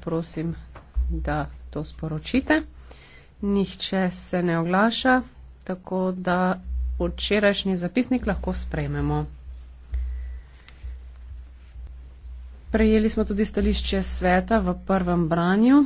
prosim, da to sporočite. Nihče se ne oglaša, tako da včerajšnji zapisnik lahko sprejmemo. Prejeli smo tudi stališče sveta v prvem branju.